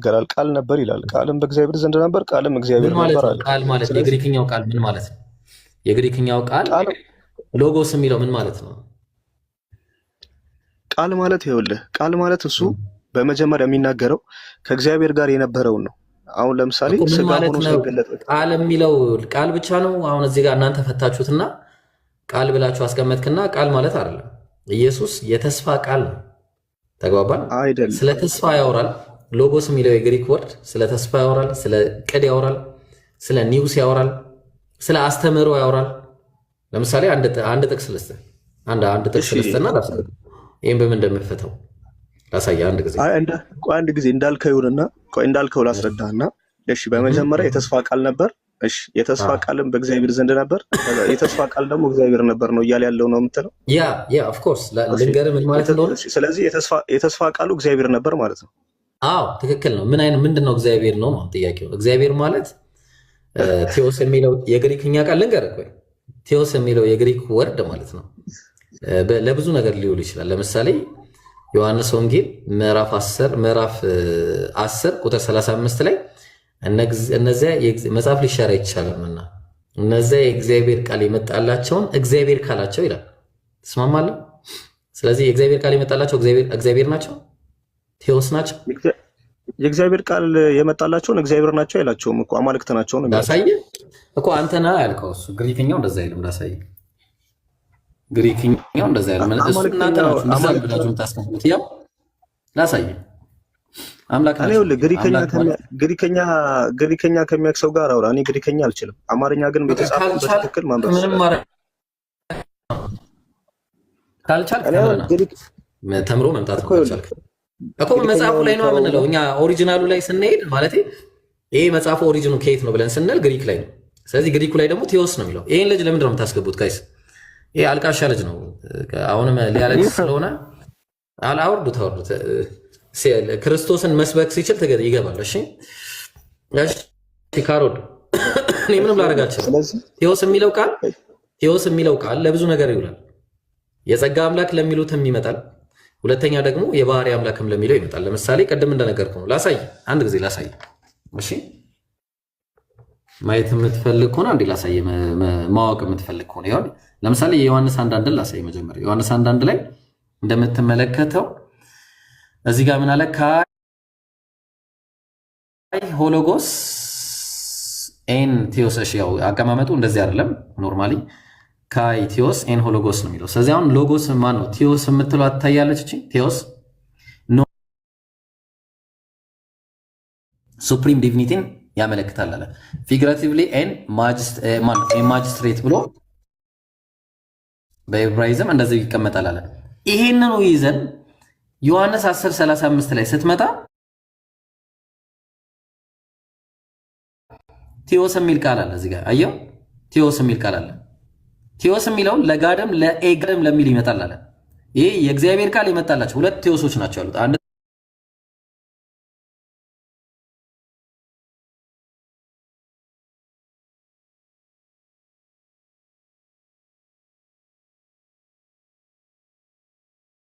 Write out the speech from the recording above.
ይናገራል። ቃል ነበር ይላል። ቃልም በእግዚአብሔር ዘንድ ነበር፣ ቃልም እግዚአብሔር ነበር አለ። ቃል ማለት የግሪክኛው ቃል ምን ማለት ነው? የግሪክኛው ቃል ሎጎስ የሚለው ምን ማለት ነው? ቃል ማለት ይኸውልህ፣ ቃል ማለት እሱ በመጀመሪያ የሚናገረው ከእግዚአብሔር ጋር የነበረውን ነው። አሁን ለምሳሌ ቃል የሚለው ቃል ብቻ ነው። አሁን እዚህ ጋር እናንተ ፈታችሁትና ቃል ብላችሁ አስቀመጥክና ቃል ማለት አይደለም። ኢየሱስ የተስፋ ቃል ነው። ተግባባል። ስለ ተስፋ ያወራል ሎጎስ የሚለው የግሪክ ወርድ ስለ ተስፋ ያወራል፣ ስለ ቅድ ያወራል፣ ስለ ኒውስ ያወራል፣ ስለ አስተምህሮ ያወራል። ለምሳሌ አንድ ጥቅስ ልስጥህ፣ አንድ ጥቅስ ልስጥህና ይህም በምን እንደምፈተው ላሳየ አንድ ጊዜ አንድ ጊዜ እንዳልከውንና ይሁንና እንዳልከው ላስረዳህና፣ እሺ። በመጀመሪያ የተስፋ ቃል ነበር። እሺ፣ የተስፋ ቃልም በእግዚአብሔር ዘንድ ነበር። የተስፋ ቃል ደግሞ እግዚአብሔር ነበር ነው እያለ ያለው ነው የምትለው። ያ ያ ኦፍ ኮርስ ልንገርህ ምን ማለት እንደሆነ። ስለዚህ የተስፋ ቃሉ እግዚአብሔር ነበር ማለት ነው። አዎ ትክክል ነው። ምን አይነት ምንድን ነው እግዚአብሔር ነው ነው ጥያቄው። እግዚአብሔር ማለት ቴዎስ የሚለው የግሪክኛ ቃል ልንገርህ፣ ወይ ቴዎስ የሚለው የግሪክ ወርድ ማለት ነው። ለብዙ ነገር ሊውል ይችላል። ለምሳሌ ዮሐንስ ወንጌል ምዕራፍ 10 ምዕራፍ 10 ቁጥር 35 ላይ እነዚያ መጽሐፍ ሊሻር አይቻልምና እነዚያ የእግዚአብሔር ቃል የመጣላቸውን እግዚአብሔር ካላቸው ይላል። ትስማማለህ? ስለዚህ የእግዚአብሔር ቃል የመጣላቸው እግዚአብሔር ናቸው። ቴዎስ ናቸው። የእግዚአብሔር ቃል የመጣላቸውን እግዚአብሔር ናቸው አይላቸውም እኮ አማልክት ናቸው ነው። ላሳይ እኮ አንተና ያልከው እሱ ግሪክኛው እንደዛ አይልም። ላሳይ ግሪክኛው እንደዛ አይልም። እሱ እናንተ ናችሁ እንደዛ ብላችሁ የምታስቀምጡት ያው ላሳይ ግሪከኛ ከሚያውቅ ጋር አውራ። እኔ ግሪከኛ አልችልም። አማርኛ ግን በተጻፈ በትክክል ማንበብ ካልቻልክ ተምሮ መምጣት ነው። እኮ መጽሐፉ ላይ ነው የምንለው እኛ ኦሪጂናሉ ላይ ስንሄድ ማለት ይሄ መጽሐፉ ኦሪጂኑ ከየት ነው ብለን ስንል ግሪክ ላይ ነው። ስለዚህ ግሪኩ ላይ ደግሞ ቴዎስ ነው የሚለው። ይህን ልጅ ለምንድን ነው የምታስገቡት ጋይስ? ይሄ አልቃሻ ልጅ ነው። አሁንም ልጅ ስለሆነ አውርዱት፣ አውርዱት። ክርስቶስን መስበክ ሲችል ይገባል። እሺ ካሮድ እኔ ምንም ላደርጋቸው። ቴዎስ የሚለው ቃል ቴዎስ የሚለው ቃል ለብዙ ነገር ይውላል። የጸጋ አምላክ ለሚሉትም ይመጣል ሁለተኛ ደግሞ የባህሪ አምላክም ለሚለው ይመጣል። ለምሳሌ ቅድም እንደነገርኩ ነው። ላሳይ፣ አንድ ጊዜ ላሳይ። እሺ፣ ማየት የምትፈልግ ከሆነ አንዴ ላሳይ። ማወቅ የምትፈልግ ከሆነ ይሆን። ለምሳሌ የዮሐንስ አንዳንድን ላሳይ። መጀመሪያ ዮሐንስ አንዳንድ ላይ እንደምትመለከተው እዚህ ጋር ምን አለ? ካይ ሆሎጎስ ኤን ቴዎሰሽ። ያው አቀማመጡ እንደዚህ አይደለም ኖርማሊ ካይ ቴዎስ ኤን ሆሎጎስ ነው የሚለው። ስለዚህ አሁን ሎጎስ ማን ነው? ቴዎስ የምትለው አታያለች እቺ ቴዎስ ኖ ሱፕሪም ዲቪኒቲን ያመለክታል አለ። ፊግራቲቭሊ ኤን ማጅስትሬት ብሎ በኤብራይዝም እንደዚህ ይቀመጣል አለ። ይሄንኑ ይዘን ዮሐንስ 10:35 ላይ ስትመጣ ቴዎስ የሚል ቃል አለ እዚህ ጋር አየው። ቴዎስ የሚል ቃል አለ ቴዎስ የሚለውን ለጋደም ለኤጋድም ለሚል ይመጣል አለ። ይሄ የእግዚአብሔር ቃል የመጣላቸው ሁለት ቴዎሶች ናቸው ያሉት። አንድ